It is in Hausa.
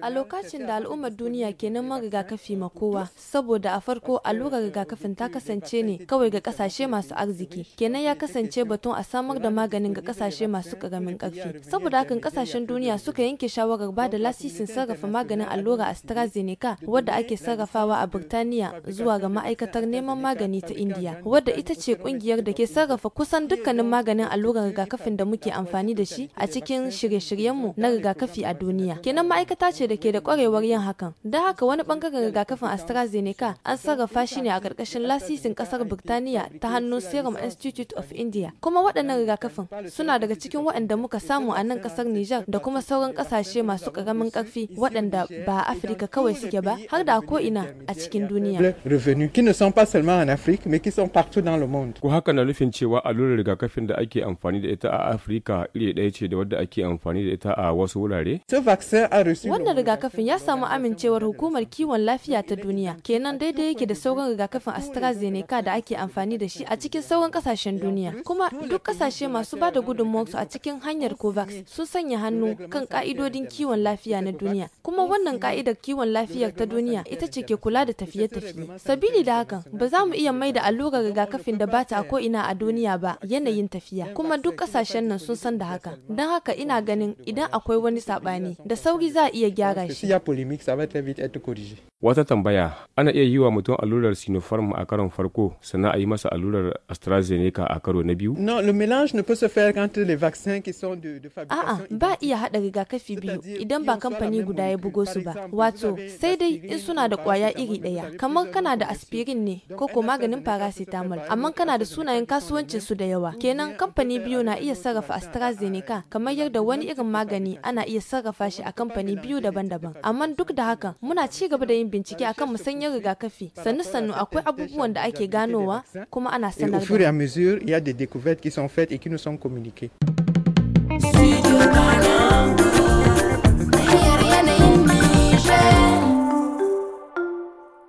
A lokacin da al'ummar duniya ke neman rigakafi ma kowa, saboda a farko allurar rigakafin ta kasance ne kawai ga kasashe masu arziki, kenan ya kasance batun a samar da maganin ga kasashe masu karamin karfi. Saboda hakan kasashen duniya suka yanke shawarar ba da lasisin sarrafa maganin allura a AstraZeneca wadda ake sarrafawa a Birtaniya zuwa ga ma'aikatar neman magani ta indiya wadda ita ce kungiyar da ke sarrafa kusan dukkanin maganin allurar rigakafin da muke amfani da shi a cikin shirye-shiryenmu na rigakafi a duniya kenan ma'aikata ce da ke da kwarewar yin hakan don haka wani bangaren rigakafin astrazeneca an sarrafa shi ne a karkashin lasisin kasar birtaniya ta hannun serum institute of india kuma waɗannan rigakafin suna daga cikin waɗanda muka samu a nan kasar nijar da kuma sauran ƙasashe masu ƙaramin ƙarfi waɗanda ba a afirka kawai suke ba har da ko ina a cikin duniya ko haka na nufin cewa allurar rigakafin da ake amfani da ita a afirka iri ɗaya ce da wadda ake amfani da ita a wasu wurare? Wannan rigakafin ya samu amincewar hukumar kiwon lafiya ta duniya, kenan daidai yake da sauran rigakafin AstraZeneca da ake amfani da shi a cikin sauran kasashen duniya. Kuma duk kasashe masu ba da gudunmawarsu a cikin hanyar COVAX sun sanya hannu kan ka'idodin kiwon lafiya na duniya. Kuma wannan ka'idar kiwon lafiyar ta duniya ita ce ke kula da tafiye-tafiye. Sabili da hakan ba za mu iya mai da allurar rigakafin da bata a ina a duniya ba yanayin tafiya. Kuma duk kasashen nan sun san da haka. Don haka ina ganin idan akwai akwai wani saɓani da sauri za a iya gyara shi. Wata tambaya, ana iya yi wa mutum allurar Sinopharm a karon farko sannan a yi masa allurar AstraZeneca a karo na biyu? Non, le mélange ne A'a, ba iya haɗa rigakafi biyu idan ba kamfani guda ya bugo su ba. Wato, sai dai in suna da kwaya iri ɗaya, kamar kana da aspirin ne ko ko maganin paracetamol, amma kana da sunayen kasuwancin su da yawa. Kenan kamfani biyu na iya sarrafa AstraZeneca kamar yadda wani irin magani ana iya sarrafa shi a kamfani biyu daban-daban. Amma duk da hakan, muna ci gaba da yin Au fur et à mesure, il y a des découvertes qui sont faites et qui nous sont communiquées.